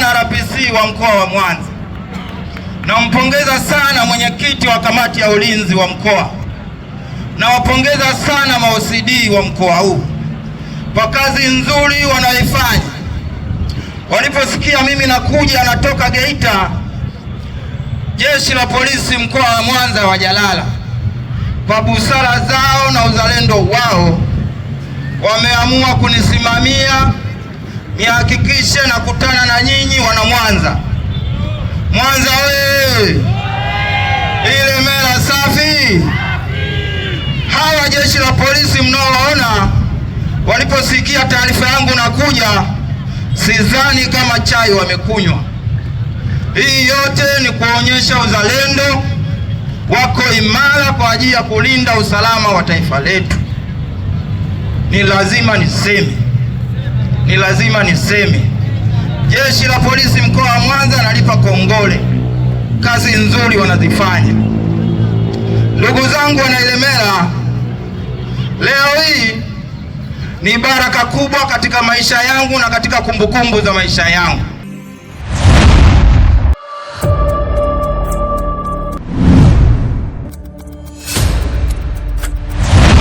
sana RPC wa mkoa wa Mwanza. Nampongeza sana mwenyekiti wa kamati ya ulinzi wa mkoa. Nawapongeza sana maosidi wa mkoa huu kwa kazi nzuri wanayoifanya. Waliposikia mimi nakuja natoka Geita, jeshi la polisi mkoa wa Mwanza wajalala kwa busara zao na uzalendo wao wameamua kunisimamia nihakikishe nakutana na nyinyi wana Mwanza. Mwanza wewe, ile mera safi. Hawa jeshi la polisi mnaowaona, waliposikia taarifa yangu nakuja, sidhani kama chai wamekunywa. Hii yote ni kuonyesha uzalendo wako imara kwa ajili ya kulinda usalama wa taifa letu. Ni lazima niseme ni lazima niseme, jeshi la polisi mkoa wa Mwanza nalipa kongole, kazi nzuri wanazifanya. Ndugu zangu Wanaelemela, leo hii ni baraka kubwa katika maisha yangu na katika kumbukumbu za maisha yangu.